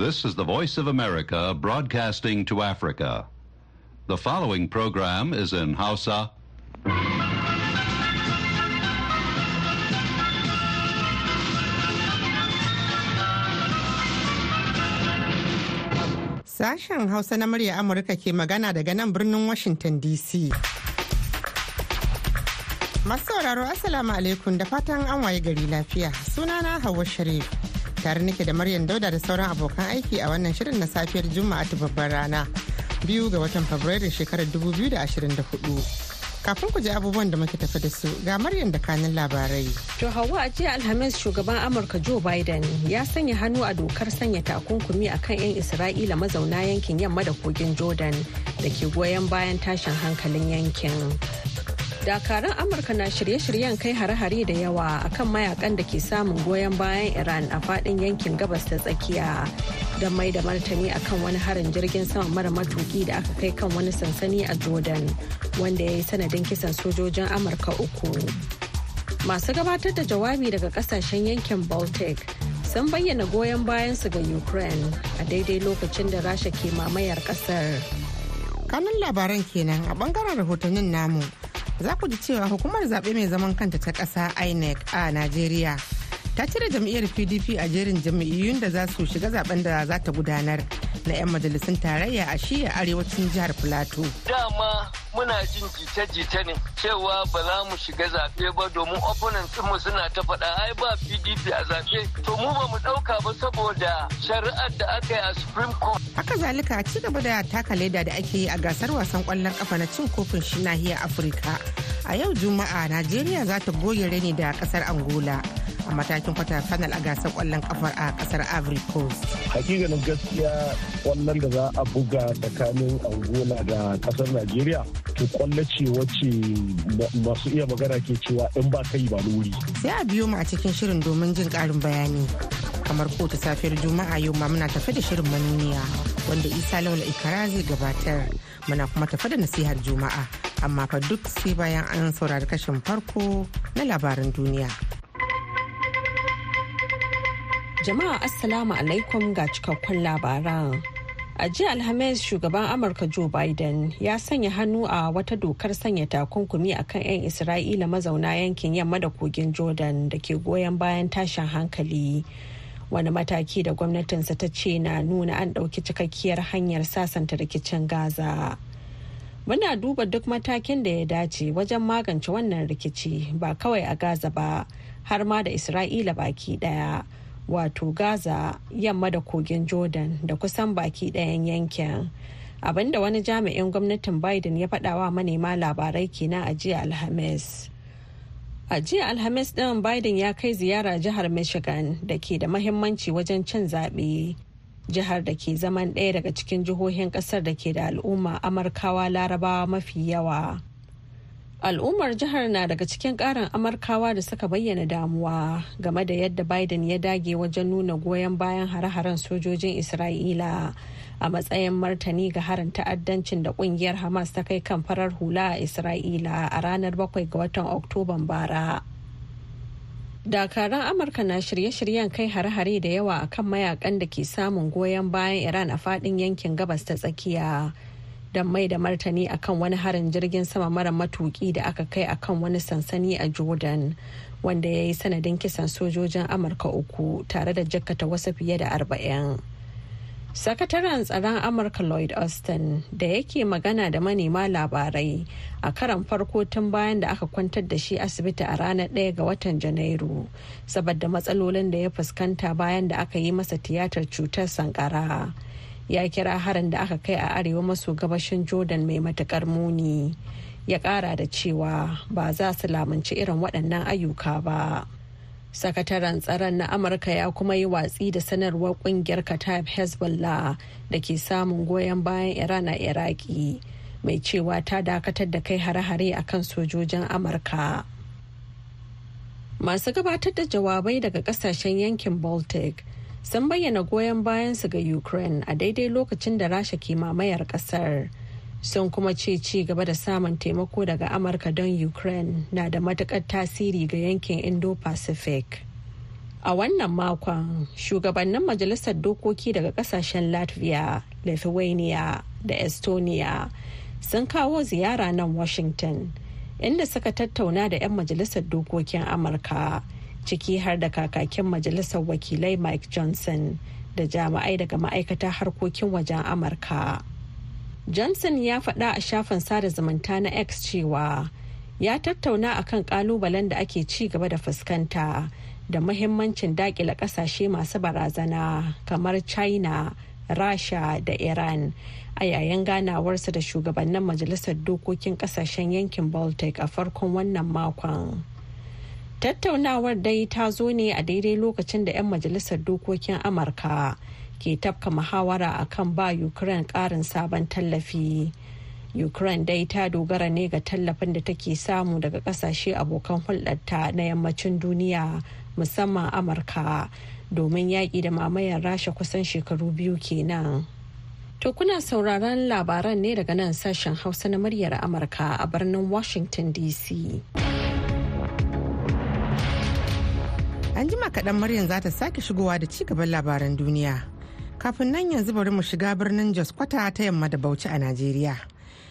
This is the Voice of America broadcasting to Africa. The following program is in Hausa. Sashen Hausa na murya Amurka ke magana daga nan birnin Washington DC. Masu sauraro Assalamu alaikum da fatan an waye gari lafiya. Sunana Hauwa Sharif. tare nake da Maryam Dauda da sauran abokan aiki a wannan shirin na safiyar Juma'a ta babbar rana biyu ga watan Fabrairu shekarar 2024. kafin ku ji abubuwan da muke tafi da su ga Maryam da kanin labarai. To Hauwa a jiya Alhamis shugaban Amurka Joe Biden ya sanya hannu a dokar sanya takunkumi a kan 'yan Isra'ila mazauna yankin yamma da kogin Jordan da ke goyon bayan tashin hankalin yankin. dakaran amurka na shirye-shiryen kai hare-hare da yawa akan mayakan da ke samun goyon bayan iran a fadin yankin gabas ta tsakiya da mai da martani akan wani harin jirgin sama mara matuki da aka kai kan wani sansani a jordan wanda ya yi sanadin kisan sojojin amurka uku masu gabatar da jawabi daga kasashen yankin baltic sun bayyana goyon bayansu ga ukraine a daidai lokacin da rasha ke mamayar kasar kanun labaran kenan a bangaren rahotannin namu za ku ji cewa hukumar zaɓe mai zaman kanta ta ƙasa inec a najeriya ta cire jam'iyyar pdp a jerin jam'iyyun da za su shiga zaben da za ta gudanar na 'yan majalisun tarayya a shiya arewacin jihar plateau dama muna jin jita-jita ne cewa ba za mu shiga zaɓe ba domin opponents mu suna ta faɗa ai ba pdp a zaɓe to mu ba mu ɗauka ba saboda shari'ar da aka yi a supreme court haka zalika ci gaba da taka leda da ake yi a gasar wasan kwallon kafa na cin kofin shi nahiyar afirka a yau juma'a najeriya za ta goge rani da ƙasar angola a matakin kwata final a gasar kwallon kafar a kasar Ivory Coast. Hakikanin gaskiya kwallon da za a buga tsakanin Angola da kasar Najeriya to kwallo ce wacce masu iya magana ke cewa in ba kai ba lori. Sai a biyo mu a cikin shirin domin jin karin bayani. kamar kotu safiyar juma'a yau ma muna tafi da shirin manuniya wanda isa laula ikara zai gabatar muna kuma tafe da nasihar juma'a amma fa duk sai bayan an saurari kashin farko na labaran duniya Jama'a Assalamu alaikum ga cikakkun labaran. A jiya Alhamis shugaban Amurka Joe Biden ya sanya hannu a wata dokar sanya takunkumi a kan 'yan Isra'ila mazauna yankin yamma da kogin Jordan da ke goyon bayan tashin hankali. Wani mataki da gwamnatinsa ta ce na nuna an ɗauki cikakkiyar hanyar sasanta rikicin Gaza. Muna duba duk matakin da ya dace wajen magance wannan rikici ba kawai a Gaza ba har ma da Isra'ila baki ɗaya. wato gaza yamma da kogin jordan da kusan baki ɗayan yankin abinda wani jami'in gwamnatin biden ya faɗawa manema labarai kenan a jiya alhamis a jiya alhamis ɗin biden ya kai ziyara jihar michigan da ke da mahimmanci wajen cin zaɓe jihar da ke zaman ɗaya daga cikin jihohin ƙasar da ke da al'umma amurkawa larabawa mafi yawa al'ummar jihar na daga cikin karin amurkawa da suka bayyana damuwa game da yadda biden ya dage wajen nuna goyon bayan hare-haren sojojin isra'ila a matsayin martani ga harin ta'addancin da kungiyar hamas ta kai kan farar hula a isra'ila a ranar 7 ga watan oktoban bara dakaran amurka na shirye-shiryen kai hare-hare da yawa akan mayakan da ke samun goyon bayan iran a fadin yankin gabas ta tsakiya don mai da martani akan wani harin jirgin sama mara matuki da aka kai akan wani sansani a jordan wanda ya yi sanadin kisan sojojin amurka uku tare da jakkata wasu fiye da arba'in sakataren tsaron amurka lloyd austin da yake magana da manema labarai a karan farko tun bayan da aka kwantar da shi asibiti a ranar 1 ga watan janairu saboda matsalolin da ya fuskanta bayan da aka yi masa tiyatar cutar sankara. ya kira harin da aka kai a arewa maso gabashin jordan mai matukar muni ya kara da cewa ba za su lamunci irin waɗannan ayyuka ba sakataren tsaron na amurka ya kuma yi watsi da sanarwar kungiyar kataib hezbollah da ke samun goyon bayan iran a iraki mai cewa ta dakatar da kai hare-hare a kan sojojin amurka masu gabatar da jawabai daga kasashen yankin baltic sun bayyana goyon bayansu ga ukraine a daidai lokacin da rasha ke mamayar kasar sun kuma ce ci gaba da samun taimako daga amurka don ukraine na da matukar tasiri ga yankin indo-pacific a wannan makon shugabannin majalisar dokoki daga kasashen latvia lithuania da estonia sun kawo ziyara nan washington inda suka tattauna da 'yan majalisar dokokin amurka. ciki har da kakakin majalisar wakilai mike johnson da jami'ai daga ma'aikata harkokin wajen amurka johnson ya faɗa a shafin sada zumunta na x cewa ya tattauna akan kalubalen da ake ci gaba da fuskanta da mahimmancin dakila kasashe masu barazana kamar china rasha da iran a yayin ganawarsa da shugabannin majalisar dokokin kasashen yankin baltic a farkon wannan makon Tattaunawar dai ta zo ne a daidai lokacin da 'yan majalisar dokokin Amurka ke tafka muhawara a kan ba Ukraine karin sabon tallafi. Ukraine dai ta dogara ne ga tallafin da take samu daga kasashe abokan hulɗarta na yammacin duniya musamman Amurka domin yaƙi da mamayar rasha kusan shekaru biyu kenan. To kuna sauraron labaran ne daga nan sashen Hausa na muryar Amurka a birnin Washington DC. An jima kaɗan Maryam za ta sake shigowa da ci gaban labaran duniya. Kafin nan yanzu bari mu shiga birnin Jos Kwata ta yamma da Bauchi a Najeriya.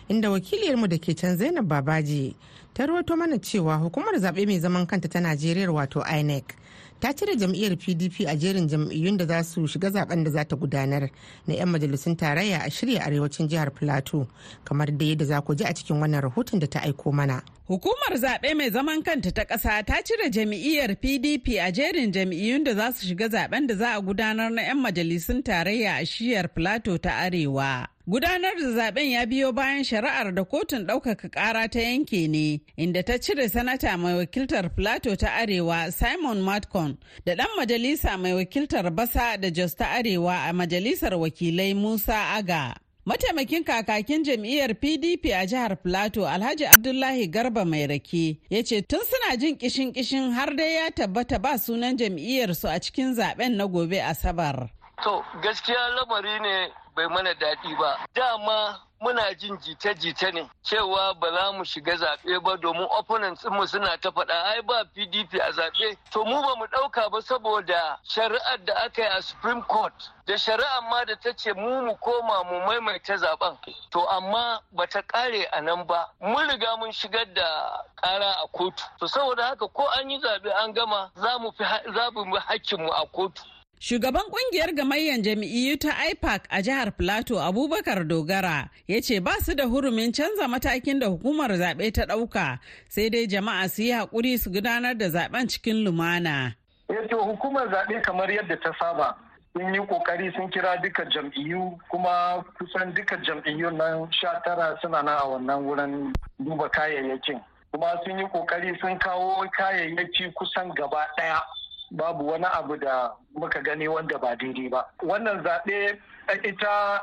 Inda wakiliyarmu da ke can Zainab Babaji ta ruwato mana cewa hukumar zaɓe mai zaman kanta ta Najeriya wato INEC ta cire jam'iyyar PDP a jerin jam'iyyun da za su shiga zaben da za ta gudanar na 'yan majalisun tarayya a shirya arewacin jihar Plateau kamar da yadda za ku ji a cikin wannan rahoton da ta aiko mana. Hukumar zaɓe mai zaman kanta ta ƙasa ta cire jam'iyyar PDP a jerin jam'iyyun da za su shiga zaɓen da za a gudanar na 'yan majalisun tarayya a shiyar Plateau ta Arewa. Gudanar da zaben ya biyo bayan shari'ar da kotun ɗaukaka ƙara ta yanke ne, inda ta cire sanata mai wakiltar Plateau ta Arewa Simon Matcon da ɗan majalisa mai wakiltar Basa da Jos ta Arewa a majalisar wakilai Musa Aga. Mataimakin kakakin jam'iyyar PDP a jihar Plateau Alhaji Abdullahi Garba mai rake ya ce tun suna jin kishin kishin har dai ya tabbata ba sunan jam'iyyarsu a cikin zaben na gobe Asabar. To gaskiya lamari ne bai mana daɗi ba. Dama muna jin jita-jita ne cewa ba za mu shiga zaɓe ba domin opponents mu suna ta faɗa ai ba PDP a zaɓe to mu ba mu ɗauka ba saboda shari'ar da aka yi a Supreme Court da shari'ar ma da ta ce mu mu koma mu maimaita zaɓen to amma ba ta ƙare a nan ba mun riga mun shigar da ƙara a kotu to saboda haka ko an yi zaɓe an gama za mu fi hakkinmu a kotu Shugaban kungiyar gamayyar jam'iyyu ta IPAC a jihar Plateau Abubakar Dogara ya ce ba su da hurumin canza matakin da hukumar zaɓe ta ɗauka sai dai jama'a su yi haƙuri su gudanar da zaɓen cikin lumana. Yato eh hukumar zaɓe kamar yadda ta saba sun yi ƙoƙari sun kira duka jam'iyyu kuma kusan duka jam'iyyun nan sha tara suna na a wannan wurin duba kayayyakin. Kuma sun yi ƙoƙari sun kawo kayayyaki kusan gaba ɗaya. babu wani abu da muka gani wanda ba daidai ba wannan zaɓe eh, ita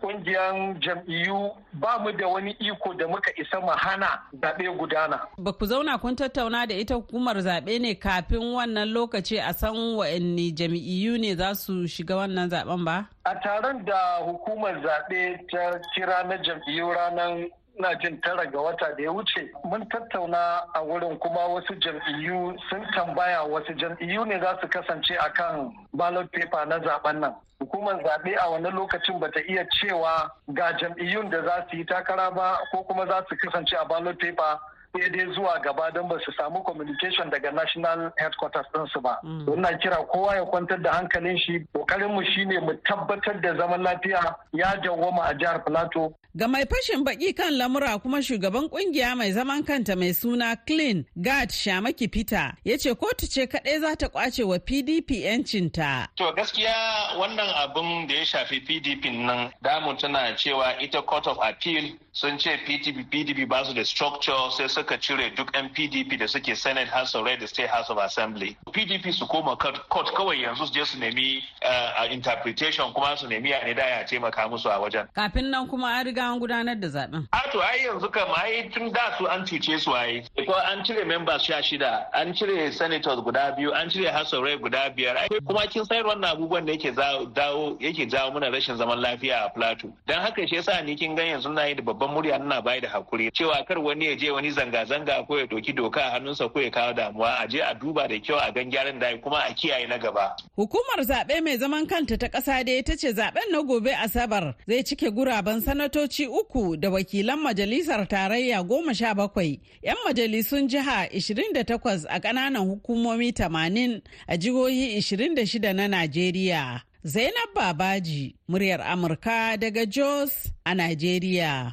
kungiyar ah, jam'iyyu ba mu da wani iko da muka isa mu hana zaɓe gudana. Ba ku zauna kun tattauna da ita hukumar zaɓe ne kafin wannan lokaci a san wa'anne jam'iyyu ne za su shiga wannan zaɓen ba? A taron da hukumar zaɓe ta kira na jam'iyyu ranar na jin tara ga wata da ya wuce mun tattauna a wurin kuma wasu jam'iyyu sun tambaya wasu jam'iyyu ne za su kasance kan ballot paper na zaben nan hukumar zaɓe a wani lokacin bata iya cewa ga jam'iyyun da za su yi takara ba ko kuma za su kasance a ballot paper sai dai zuwa gaba don ba su samu communication daga national headquarters din su ba. Mm. Don kira kowa ya kwantar da hankalin shi, kokarin mu shine mu tabbatar da zaman lafiya ya dawwama a jihar Plateau Ga mai fashin baki kan lamura kuma shugaban kungiya mai zaman kanta mai suna Clean Gad Shamaki Peter ya ce kotu ce kaɗai za ta kwace wa PDP 'yancinta. To gaskiya wannan abin da ya shafi PDP nan damu tana cewa ita Court of Appeal sun ce pdp pdp ba su da structure sai suka cire duk yan pdp da suke senate house of red state house of assembly pdp su koma court kawai yanzu su je su nemi eh, interpretation kuma su nemi a ne da ya taimaka musu a wajen kafin nan kuma an riga an gudanar da zaben a to ai yanzu kam ai tun da su an cuce su ai ko an cire members sha shida an cire senators guda biyu an cire house of red guda biyar kuma kin sayar wannan abubuwan da yake dawo yake jawo mana rashin zaman lafiya a plateau dan haka shi yasa ni kin ga yanzu na yi da babban murya nana bayar da hakuri cewa kar wani ya je wani zanga-zanga ko ya doki doka a hannunsa ko ya kawo damuwa a je a duba da kyau a gan gyaran da kuma a kiyaye na gaba. Hukumar zaɓe mai zaman kanta ta ƙasa da ita ce zaɓen na gobe Asabar zai cike guraben sanatoci uku da wakilan majalisar tarayya goma sha bakwai, 'yan majalisun jiha 28 a ƙananan hukumomi 80 a jihohi 26 na Najeriya. Zainab Babaji, muryar Amurka daga Jos a Najeriya.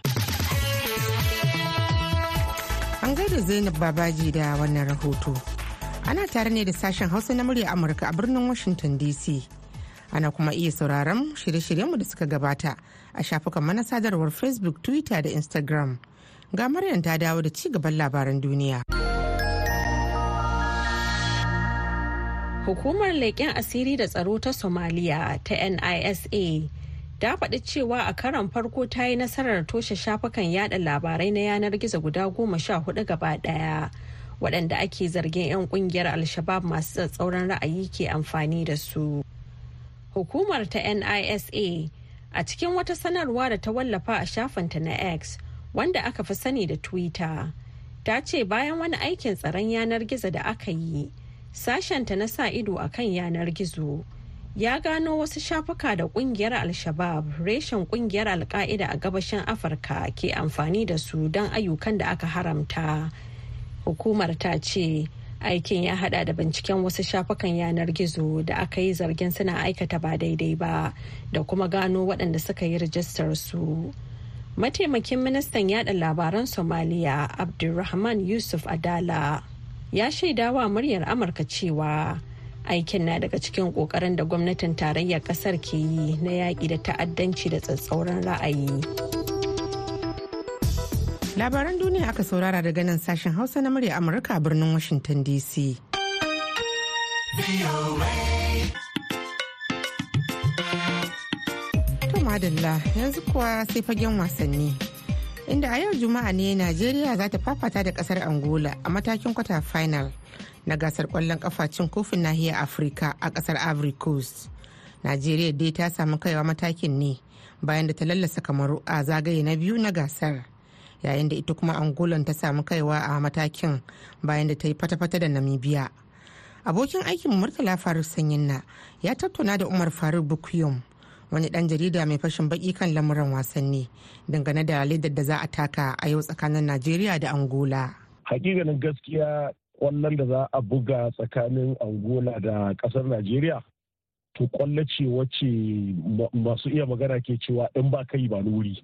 An gaida Zainab Babaji da wannan rahoto. Ana tare ne da sashen Hausa na murya Amurka a birnin Washington DC. Ana kuma iya sauraron shirye-shiryenmu da suka gabata a shafukan mana sadarwar Facebook, Twitter da Instagram. Ga maryan ta dawo da ci gaban labaran duniya. Hukumar leƙen asiri da tsaro ta somalia ta NISA ta faɗi cewa a karon farko ta yi nasarar toshe shafukan yada labarai na yanar gizo guda goma sha hudu gaba ɗaya waɗanda ake zargin 'yan ƙungiyar alshabab masu tsatsauran ra'ayi ke amfani da su hukumar ta nisa a cikin wata sanarwa da ta wallafa a ta na x wanda aka fi sani da twitter ta ce bayan wani aikin tsaron yanar gizo da aka yi sashenta na sa ido a kan yanar gizo ya gano wasu shafuka da kungiyar al-shabab reshen kungiyar al-qaida a gabashin afirka ke amfani da su don ayyukan da aka haramta hukumar ta ce aikin ya hada da binciken wasu shafukan yanar gizo da aka yi zargin suna aikata ba daidai ba da kuma gano waɗanda suka yi rijistar su mataimakin ministan yada labaran somaliya abdulrahman yusuf adala ya shaidawa muryar amurka cewa aikin na daga cikin kokarin da gwamnatin tarayyar kasar ke yi na yaƙi da ta'addanci da tsatsauran ra'ayi labaran duniya aka saurara daga nan sashen hausa na murya amurka a birnin washington dc to madalla yanzu kuwa sai fagen wasanni inda a yau juma'a ne najeriya za ta fafata da kasar angola a matakin kwata final na gasar kwallon kafa cin kofin nahiyar afirka a kasar ivory coast najeriya dai ta samu kaiwa matakin ne bayan da ta lallasa kamar a zagaye na biyu na gasar yayin da ita kuma angolan ta samu kaiwa a matakin bayan da ta yi fata-fata da namibia abokin aikin murtala faruk sanyin na ya tattauna da umar faruk bukuyum wani dan jarida mai fashin baki kan lamuran wasanni dangane da ledar da za a taka a yau tsakanin najeriya da angola hakikanin gaskiya kwallon da za a buga tsakanin angola da kasar najeriya to kwallo ce wacce masu iya magana ke cewa in ba kai ba wuri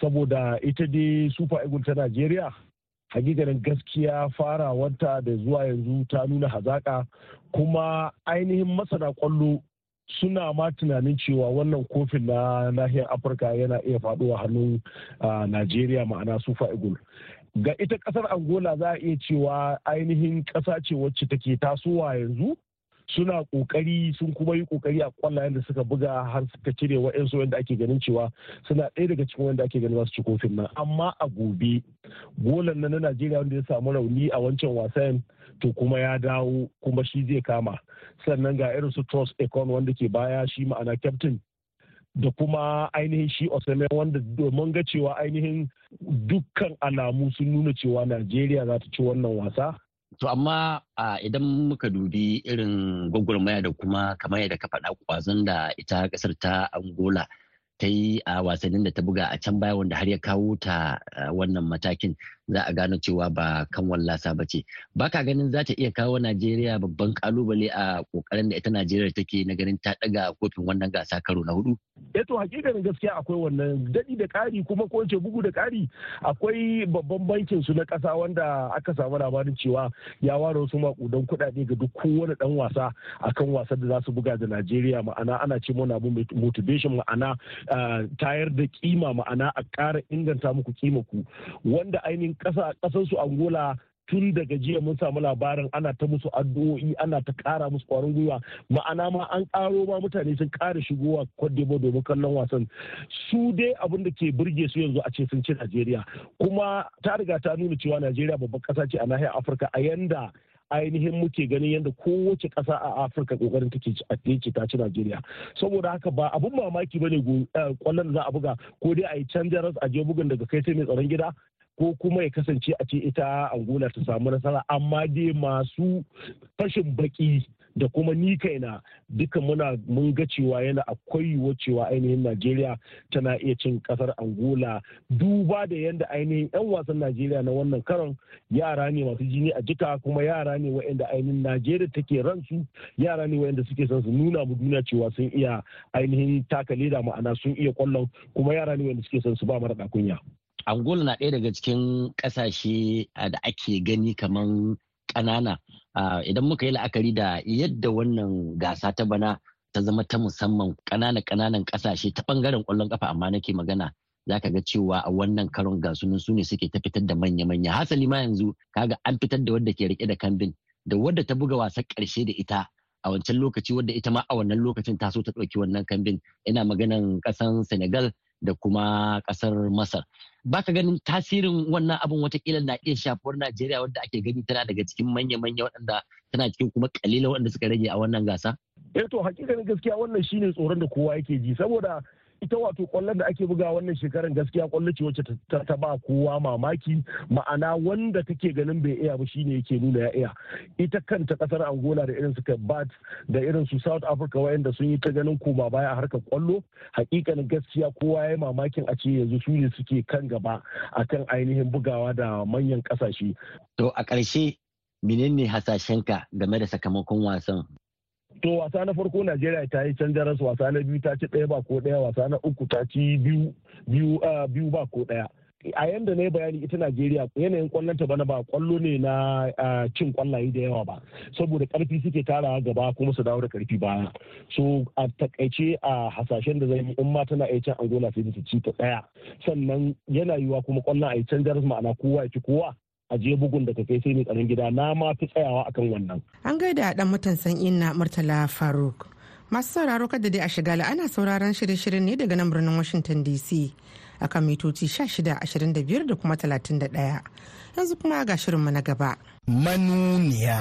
saboda ita dai super eagle ta najeriya hakikanin gaskiya fara wata da zuwa yanzu ta nuna hazaka kuma ainihin masana kwallo suna ma tunanin cewa wannan kofin na nahiyar afirka yana iya faduwa hannun najeriya ma'ana sufa igul ga ita kasar angola za a iya cewa ainihin kasa ce wacce take tasowa yanzu suna kokari sun kuma yi kokari a kwallayen da suka buga har suka cire wa'yansu wanda ake ganin cewa suna ɗaya daga cikin wanda ake ganin masu ci kofin nan amma a gobe golan nan na najeriya wanda ya samu rauni a wancan wasan to kuma ya dawo kuma shi zai kama sannan ga irin su trust econ wanda ke baya shi ma'ana captain da kuma ainihin shi osame wanda domin ga cewa ainihin dukkan alamu sun nuna cewa najeriya za ta ci wannan wasa To amma idan muka dubi irin gwagwarmaya da kuma kamar yadda ka faɗa kwazon da ita ƙasar ta Angola ta yi a wasannin da ta buga a can baya wanda har ya kawo ta wannan matakin. za a gano cewa ba kan wallasa ba ce ba ka ganin za ta iya kawo najeriya babban kalubale a kokarin da ita najeriya take na ganin ta daga kofin wannan gasa karo na hudu eh to hakikanin gaskiya akwai wannan dadi da kari kuma ko ce bugu da kari akwai babban bankin su na kasa wanda aka samu labarin cewa ya ware wasu makudan kuɗaɗe ga duk kowane dan wasa akan wasan da za su buga da najeriya ma'ana ana ce mana abu motivation ma'ana eh, tayar da kima ma'ana a kara inganta muku kima ku wanda ainihin kasa su angola tun daga jiya mun samu labarin ana ta musu addu'o'i ana ta kara musu kwarin gwiwa ma'ana ma an karo ma mutane sun kara shigowa kwadebo domin kallon wasan su dai abin da ke burge su yanzu a ce sun ci najeriya kuma ta riga ta nuna cewa najeriya babban kasa ce a nahiyar afirka a yanda ainihin muke ganin yadda kowace ƙasa a afirka kokarin take ce ta ci najeriya saboda haka ba abun mamaki ba ne kwallon eh, za a buga ko dai a yi can a je bugun daga kai sai mai tsaron gida ko kuma ya kasance a ce ita angola ta samu nasara amma dai masu fashin baki da kuma ni kaina duka muna mun ga cewa yana akwai yiwuwar cewa ainihin najeriya tana iya cin kasar angola duba da yadda ainihin 'yan wasan najeriya na wannan karon yara ne masu jini a jika kuma yara ne waɗanda ainihin najeriya take ransu yara ne waɗanda suke son su nuna mu duniya cewa sun iya ainihin taka leda ma'ana sun iya kwallon kuma yara ne waɗanda suke son su ba mara kunya. Angola na ɗaya daga cikin ƙasashe ah, da ake gani kamar ƙanana. Ah, idan muka yi la'akari da yadda wannan gasa ta bana ta zama ta musamman ƙananan ƙananan ƙasashe ta ɓangaren ƙwallon ƙafa amma nake magana. za ka ga cewa a wannan karon gasunan su ne suke ta fitar da manya-manya hasali ma yanzu kaga an fitar da wadda ke rike da kambin da wadda ta buga wasan ƙarshe da ita a wancan lokaci wadda ita ma a wannan lokacin ta so ta ɗauki wannan kambin ina maganan ƙasan senegal da kuma ƙasar masar baka ganin tasirin wannan abin watakila na iya shafuwar Najeriya wadda ake gani tana daga cikin manya-manya waɗanda tana cikin kuma kalila waɗanda suka rage a wannan gasa? Eh to hakikanin gaskiya wannan shine tsoron da kowa yake ji saboda ita wato kwallon da ake buga wannan shekarar gaskiya kwallo ce wacce ta ba kowa mamaki ma'ana wanda take ganin bai iya ba shine yake nuna ya iya ita kanta kasar angola da irin su kabat da irin su south africa wayanda sun yi ta ganin koma baya a harkar kwallo hakikanin gaskiya kowa ya mamakin a ce yanzu su ne suke kan gaba akan ainihin bugawa da manyan kasashe to a ƙarshe menene hasashenka game da sakamakon wasan to wasa na farko najeriya ta yi canjar rasu wasa na biyu ta ci ɗaya ba ko ɗaya wasa na uku ta ci biyu ba ko ɗaya a yanda na yi bayani ita najeriya yanayin kwallon ta bana ba kwallo ne na cin kwallaye da yawa ba saboda karfi suke tara gaba kuma su dawo da karfi baya so a takaice a hasashen da zai yi in ma tana can angola sai ta ci ta daya sannan yana yiwa kuma kwallon a yi canjar ma'ana kowa ya ci kowa a je bugun da kai sai mai tsaron gida na ma fi tsayawa akan wannan. An gaida dan matansan inna Murtala Faruk. Masu sauraro kada dai a shiga ana sauraron shirye shirye ne daga nan birnin Washington DC a kan mitoci shida ashirin da kuma 31. Yanzu kuma ga shirinmu na gaba. Manuniya.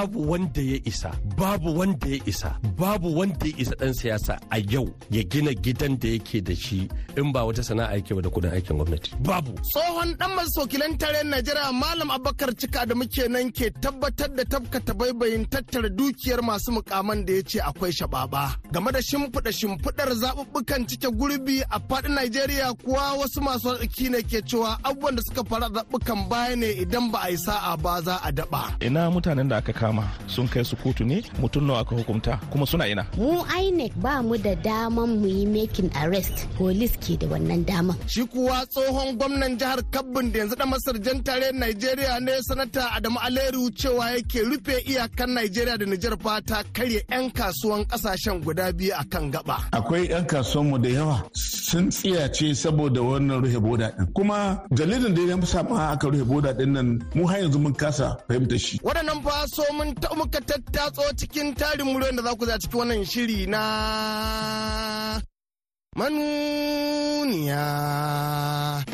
babu wanda ya isa babu wanda ya isa babu wanda ya isa dan siyasa a yau ya gina gidan da yake da shi in ba wata sana'a yake ba da kudin aikin gwamnati babu tsohon dan masokilan tare Najeriya Malam Abubakar Cika da muke nan ke tabbatar da tabkata baibayin tattara dukiyar masu mukaman da ya ce akwai shababa game da shimfiɗa shimfiɗar zaɓuɓɓukan cike gurbi a faɗin Najeriya kuwa wasu masu arziki ne ke cewa abubuwan da suka fara zaɓukan baya ne idan ba a yi sa'a ba za a daɓa ina mutanen da aka kawo dama sun kai su kotu ne mutum nawa aka hukunta kuma suna ina mu INEC ba mu da daman mu yi making arrest police ke da wannan daman shi kuwa tsohon gwamnan jihar Kabbin da yanzu da Masar jan tare Najeriya ne sanata Adamu Aleru cewa yake rufe iyakan nigeria da Nijar fa ta karye 'yan kasuwan kasashen guda biyu a kan gaba. Akwai 'yan kasuwanmu da yawa sun tsiyace saboda wannan rufe boda din. Kuma dalilin da ya fi sama aka rufe boda din nan mu har yanzu mun kasa fahimta shi. Waɗannan fa so mun ta muka tattatso cikin tarin muryar da za ku za ciki wannan shiri na manuniya.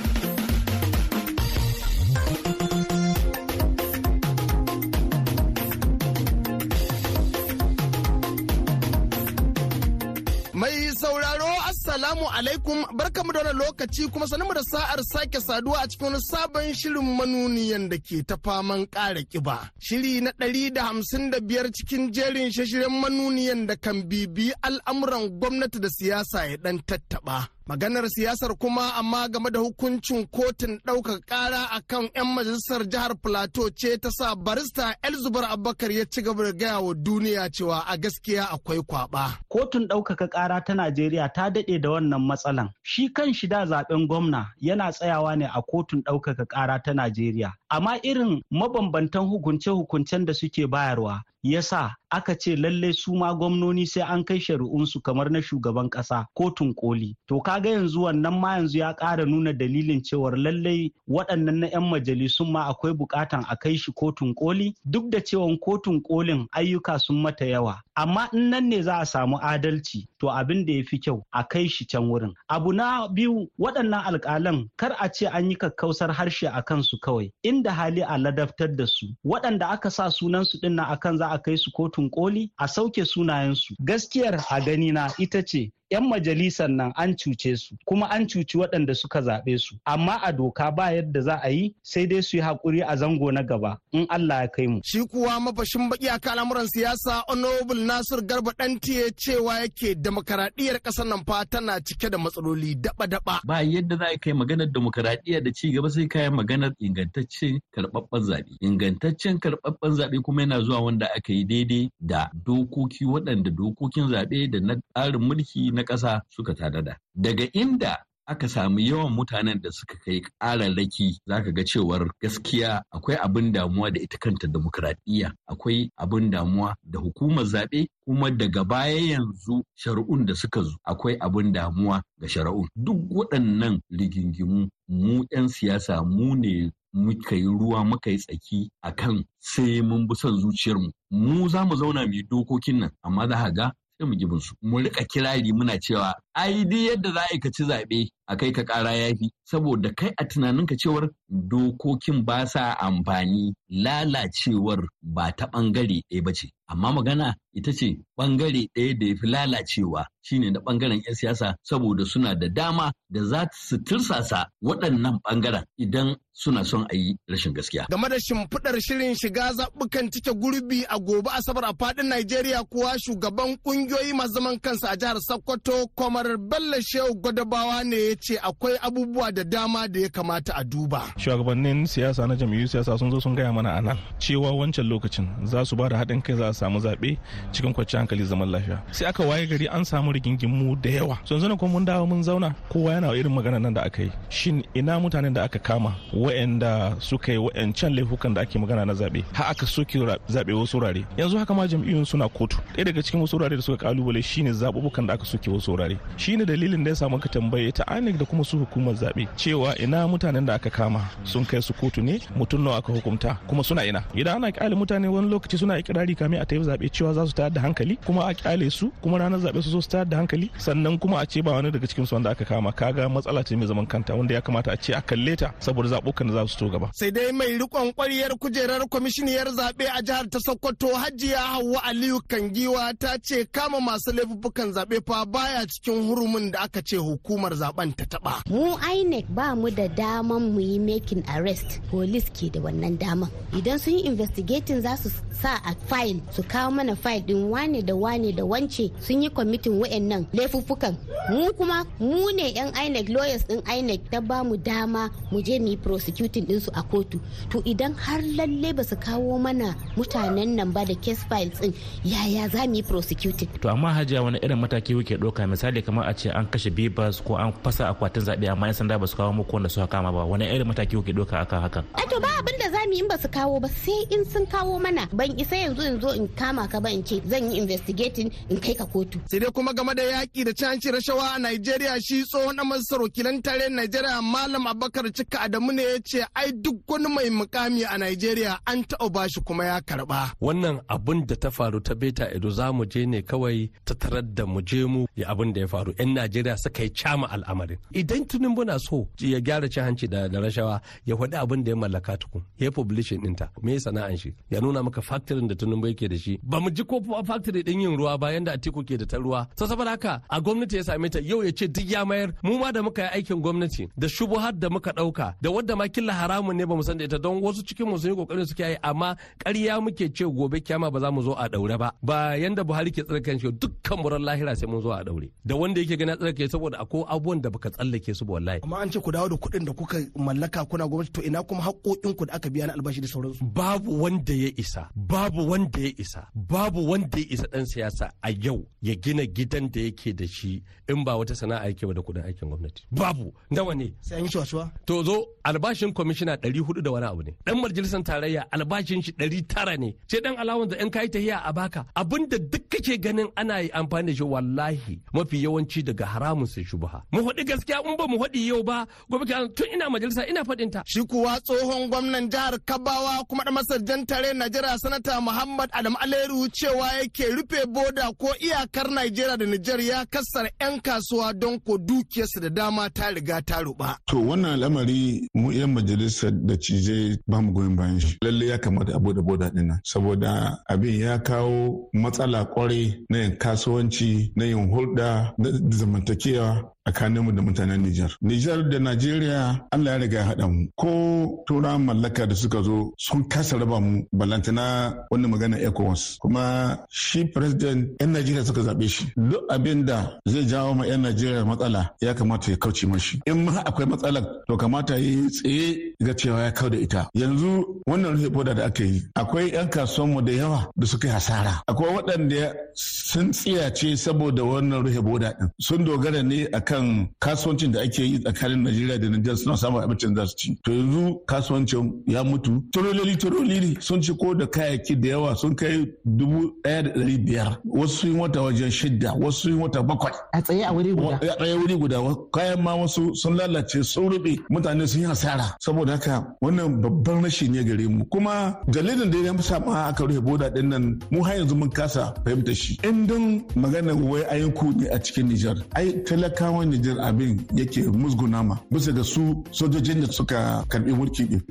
alaikum barkamu da wannan lokaci kuma sanin mu da sa'ar sake saduwa a cikin wani sabon shirin manuniyan da ke ta faman ƙara ƙiba. Shiri na ɗari da hamsin da biyar cikin jerin shashiren manuniyan da kan bibi al'amuran gwamnati da siyasa ya ɗan tattaɓa. maganar siyasar kuma amma game da hukuncin kotun ɗaukar ƙara a kan 'yan majalisar jihar plateau ce ta sa barista elzubar abubakar ya ci gaba da gaya wa duniya cewa a gaskiya akwai kwaba kotun ɗaukaka ƙara ta najeriya ta daɗe da wannan matsalan shi kan shi da zaɓen gwamna yana tsayawa ne a kotun ɗaukaka ƙara ta najeriya amma irin mabambantan hukunce-hukuncen da suke bayarwa Ya sa aka ce lalle su ma gwamnoni sai an kai shari'unsu kamar na shugaban kasa kotun koli to kaga yanzu wannan ma yanzu ya ƙara nuna dalilin cewar lalle waɗannan na 'yan majalisun ma akwai buƙatan a kai shi kotun koli duk da cewa kotun kolin ayyuka sun mata yawa amma in nan ne za a samu adalci to abin da ya fi kyau a kai shi can wurin abu na biyu waɗannan alƙalan kar a ce an yi kakkausar harshe a kansu kawai inda hali a ladabtar da su waɗanda aka sa sunan su ɗin akan za a kai su kotun koli a sauke sunayensu gaskiyar a gani na ita ce 'yan majalisar nan an cuce su kuma an cuci waɗanda suka zaɓe su amma a doka ba yadda za a yi sai dai su yi haƙuri a zango na gaba in Allah ya kai mu. Shi kuwa mafashin baki a al'amuran siyasa Honorable Nasir Garba tiye cewa yake demokaradiyyar ƙasar nan fa tana cike da matsaloli daba-daba. Ba yadda za a kai maganar demokaradiyya da ci gaba sai kayan maganar ingantaccen karɓaɓɓen zaɓe. Ingantaccen karɓaɓɓen zaɓe kuma yana zuwa wanda aka yi daidai da dokoki waɗanda dokokin zaɓe da na tsarin mulki na ƙasa suka tadada. Daga inda aka samu yawan mutanen da suka kai ƙararraki za ka ga cewar gaskiya akwai abin damuwa da ita kanta demokuraɗiyya akwai abin damuwa da hukumar zaɓe kuma daga baya yanzu shari'un da suka zo akwai abin damuwa ga shari'un duk waɗannan rigingimu mu 'yan siyasa mu ne muka yi ruwa muka yi tsaki akan sai mun bi son zuciyarmu mu za mu zauna mu yi dokokin nan amma za ga sai mu gibin su mu rika kirari muna cewa ai duk yadda za a ci zaɓe a kai ka ƙara yafi saboda kai a tunaninka cewar dokokin ba sa amfani lalacewar ba ta ɓangare ɗaya ba ce. Amma magana ita ce ɓangare ɗaya da ya fi lalacewa shine na ɓangaren 'yan siyasa saboda suna da dama da za su tirsasa waɗannan ɓangaren idan suna son a yi rashin gaskiya. Game da shimfiɗar shirin shiga zaɓukan cike gurbi a gobe Asabar a faɗin Najeriya kuwa shugaban ƙungiyoyi masu zaman kansa a jihar Sokoto Kwamar Bello Shehu Gwadabawa ne ya ce akwai abubuwa da dama da ya kamata a duba. shugabannin siyasa na jam'iyyu siyasa sun zo sun gaya mana a nan cewa wancan lokacin za su ba da haɗin kai za a samu zaɓe cikin kwanciyar hankali zaman lafiya sai aka waye gari an samu rigingimu da yawa sun zana kuma mun dawo mun zauna kowa yana irin magana nan da aka yi shin ina mutanen da aka kama wa'anda suka yi wa'ancan laifukan da ake magana na zaɓe har aka soke zaɓe wasu wurare yanzu haka ma jam'iyyun suna kotu ɗaya daga cikin wasu wurare da suka kalubale shine zaɓuɓɓukan da aka soke wasu wurare shine dalilin da ya samu ka tambaye ta anik da kuma su hukumar zaɓe cewa ina mutanen da aka kama sun kai su kotu ne mutum nawa aka hukunta kuma suna ina idan ana kyale mutane wani lokaci suna ikirari kamin a tafi zaɓe cewa za su tayar da hankali kuma a kyale su kuma ranar zaɓe su zo su tayar da hankali sannan kuma a ce ba wani daga cikin su wanda aka kama kaga matsala ce mai zaman kanta wanda ya kamata a ce a kalle ta saboda zaɓukan da za su to gaba. sai dai mai rikon kwaryar kujerar kwamishiniyar zaɓe a jihar ta sokoto hajiya hauwa aliyu kangiwa ta ce kama masu laifukan zaɓe fa baya cikin hurumin da aka ce hukumar zaɓen ta taɓa. mu ainek ba mu da daman mu yi making arrest police ke da wannan dama idan sun yi investigating za su sa a file su kawo mana file din wane da wane da wance sun yi kwamitin wayannan laifuffukan mu kuma mu ne yan inec lawyers din inec ta ba mu dama mu je mu yi prosecuting din su a kotu to idan har lalle ba su kawo mana mutanen nan ba da case files din yaya za mu yi prosecuting to amma hajiya wani irin mataki kuke ɗauka misali kamar a ce an kashe bibas ko an fasa akwatin zaɓe amma yan sanda ba su kawo muku wanda suka kama ba wani irin mataki mataki kuke doka akan hakan eh, to ba abin da zamu yi in ba su kawo ba sai in sun kawo mana ban isa yanzu in zo in kama ka ba in ce zan yi investigating in kai ka kotu sai dai kuma game da yaki da canci rashawa a Najeriya shi tsohon dan masar wakilan na Najeriya Malam Abubakar Cika Adamu ne ya ce ai duk wani mai mukami a Najeriya an taɓa bashi kuma ya karba wannan abin da ta faru ta beta ido zamu je ne kawai ta tarar da mu je mu ya abin da ya faru yan Najeriya suka yi cama al'amarin idan tunin muna so ya gyara cin hanci da rashawa ya faɗi abin da ya mallaka tukun ya publishing ɗinta me sana'an shi ya nuna maka factorin da tunumba yake da shi ba mu ji ko factory ɗin yin ruwa ba yanda atiku ke da ta ruwa to saboda haka a gwamnati ya same ta yau ya ce duk ya mayar mu ma da muka yi aikin gwamnati da shubuhar da muka ɗauka da wadda ma killa haramun ne ba mu san da ita don wasu cikin mu sun yi kokarin suke yi amma ƙarya muke ce gobe kyama ba za mu zo a ɗaure ba ba yanda Buhari ke tsarkan shi dukkan muran lahira sai mun zo a ɗaure. da wanda yake gani tsarkake saboda akwai abubuwan da baka tsallake su wallahi amma an ce ku dawo da kuɗin da kuka mallaka kuna gwamnati to ina kuma ku da aka biya na albashi da sauransu babu wanda ya isa babu wanda ya isa babu wanda ya isa dan siyasa a yau ya gina gidan da yake da shi in ba wata sana'a yake ba da kuɗin aikin gwamnati babu nawa ne sai an yi shuwa to zo albashin kwamishina ɗari hudu da wani abu ne dan majalisar tarayya albashin shi ɗari tara ne sai dan alawan da ɗan kayi tahiya a baka abinda duk kake ganin ana yi amfani da shi wallahi mafi yawanci daga haramun sai shubaha mu faɗi gaskiya in ba mu faɗi yau ba gobe tun ina majalisa ina kudinta. Shi kuwa tsohon gwamnan jihar Kabawa kuma da masajan tare Najeriya sanata Muhammad Adam Aleru cewa yake rufe boda ko iyakar Najeriya da Nijar ya kasar 'yan kasuwa don ko dukiyarsu da dama ta riga ta ruba. To wannan al'amari mu 'yan majalisar da cije ba mu goyon bayan shi. Lalle ya kamata a bude boda ɗin nan saboda abin ya kawo matsala kwarai na yin kasuwanci na yin hulɗa na zamantakewa tsakaninmu da mutanen Nijar. Nijar da Najeriya Allah ya riga ya haɗa mu. Ko tura mallaka da suka zo sun kasa raba mu ballantana wani magana ECOWAS. Kuma shi president 'yan Najeriya suka zaɓe shi. Duk abin da zai jawo ma 'yan Najeriya matsala ya kamata ya kauce mashi. In ma akwai matsala to kamata ya yi tsaye ga cewa ya kau da ita. Yanzu wannan rufe boda da aka yi akwai 'yan kasuwanmu da yawa da suka yi hasara. Akwai waɗanda sun tsiyace saboda wannan rufe boda ɗin. Sun dogara ne akan kan kasuwancin da ake yi tsakanin Najeriya da Nijar suna samun abincin da su ci. To yanzu kasuwancin ya mutu. Turololi turololi sun ci ko da kayayyaki da yawa sun kai dubu ɗaya da ɗari biyar. Wasu sun wata wajen shida, wasu sun wata bakwai. A tsaye a wuri guda. A tsaye wuri guda. Kayan ma wasu sun lalace sun ruɓe mutane sun yi asara. Saboda haka wannan babban rashi ne gare mu. Kuma dalilin da ya fi sa ma aka rufe boda ɗin nan mu har yanzu mun kasa fahimta shi. In don magana wai ayyuku ne a cikin Nijar. Ai talakawan 'yan Nijar abin yake musgunama bisa ga su sojojin da suka karbi mulki din.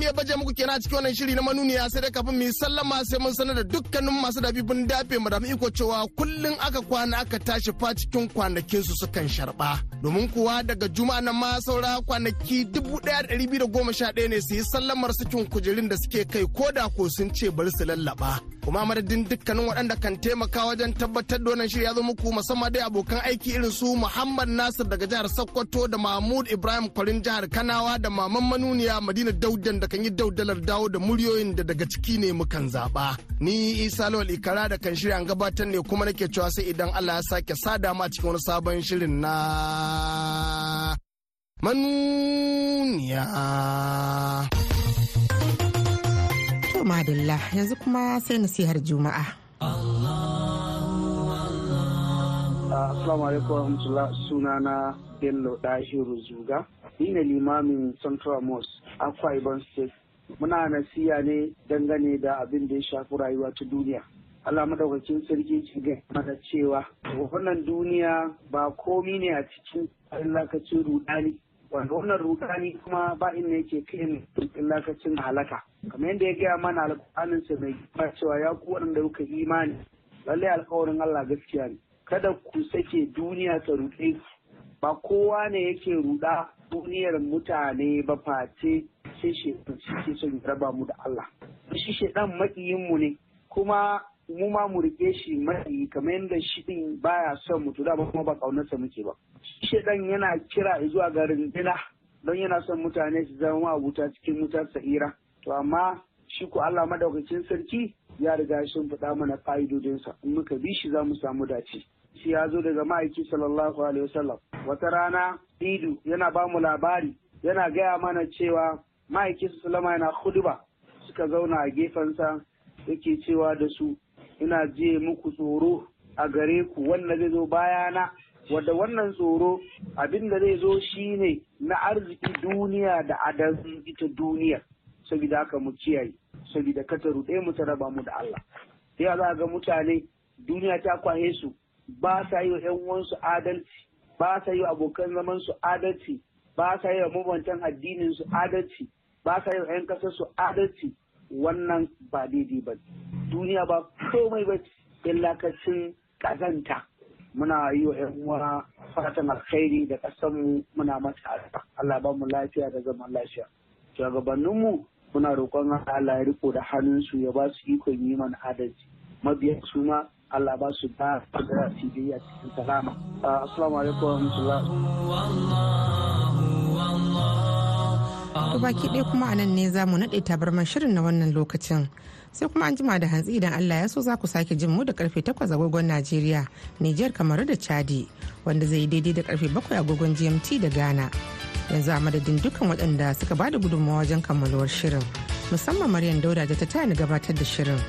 za baje muku kenan cikin wannan shiri na manuniya sai dai kafin mu yi sallama sai mun sanar da dukkanin masu dabibin dafe mu da iko cewa kullun aka kwana aka tashi fa cikin kwanakin su sukan sharba domin kuwa daga juma'a nan ma saura kwanaki 1211 ne su yi sallamar sakin kujerun da suke kai ko da ko sun ce bari su lallaba kuma madadin dukkanin waɗanda kan taimaka wajen tabbatar da wannan shirya zo muku musamman dai abokan aiki irin su Muhammad Nasir daga jihar Sokoto da Mahmud Ibrahim Kwarin jihar Kanawa da Maman Manuniya Madina Daudan da kan yi daudalar dawo da muryoyin da daga ciki ne mukan zaba. Ni Isa Lawal Ikara da kan shirya gabatar ne kuma nake cewa sai idan Allah ya sake sada ma cikin wani sabon shirin na manuniya. To madalla yanzu kuma sai nasihar Juma'a. Ah, assalamu alaikum warahmatullah sunana Bello Dahiru Zuga. Ni ne limamin Central Mosque Akwa Ibom State. Muna nasiya ne dangane da abin da ya shafi rayuwa ta duniya. Allah madaukakin sarki cikin mana cewa wannan duniya ba komi ne a cikin lakacin rudani wanda wannan rudani kuma ba inda yake kai tuntun lakacin halaka kamar yadda ya gaya mana alƙawarin sa mai ba cewa ya ku waɗanda kuka imani lallai alƙawarin Allah gaskiya ne kada ku sake duniya ta ruɗe ba kowa ne yake ruɗa duniyar mutane ba face sai shi ke son raba mu da Allah shi shedan makiyin mu ne kuma mu ma mu rike shi mai kamar yadda shi din baya son mutu da kuma ba kaunarsa muke ba shi dan yana kira zuwa garin rindina don yana son mutane su zama wuta cikin wutar sa'ira to amma shi ko Allah madaukakin sarki ya riga sun faɗa mana fa'idodinsa in muka bi shi za mu samu dace shi ya zo daga ma'aiki sallallahu alaihi wasallam wata rana idu yana ba mu labari yana gaya mana cewa ma'aikinsa sallama yana huduba suka zauna a gefensa yake cewa da su ina je muku tsoro a gare ku wanda zai zo bayana wadda wannan tsoro abin da zai zo shine na arziki duniya da adalci ita duniya saboda aka mu kiyaye saboda kata ruɗe mu ta raba mu da Allah sai za ga mutane duniya ta kwaye su ba sa yi wa ƴan adalci ba sa yi wa abokan zaman su adalci ba sa yi wa mabantan addinin su adalci ba sa yi wa ƴan ƙasar su adalci wannan ba daidai ba duniya ba komai ba illakacin kazanta muna yi wa 'yan uwa fatan alkhairi da kasanmu muna mata Allah ba mu lafiya da zaman lafiya mu muna roƙon Allah ya riko da hannunsu ya ba su ikon yi mana adalci mabiya su ma Allah ba su ba da sibiyya cikin salama assalamu alaikum wa rahmatullah baki ɗaya kuma anan nan ne za mu naɗe tabarman shirin na wannan lokacin sai kuma an jima da hantsi idan allah ya so za ku sake jin mu da karfe 8 agogon najeriya niger kamar da chadi wanda zai yi daidai da karfe 7 agogon gmt da ghana yanzu a madadin dukkan waɗanda suka bada gudunmawa wajen kammaluwar shirin musamman maryam dauda da ta tayani gabatar da shirin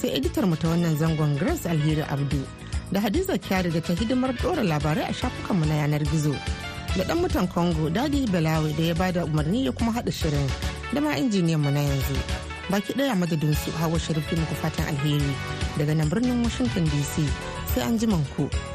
sai editar mu ta wannan zangon grace alheri abdu da hadiza kyari da ta hidimar ɗora labarai a shafukanmu na yanar gizo da dan mutan congo dadi balawi da ya bada umarni ya kuma hada shirin da ma injiniyan mu na yanzu baki daya madadin su hawa sharifin muku fatan alheri daga nan birnin washington dc sai an ji ku.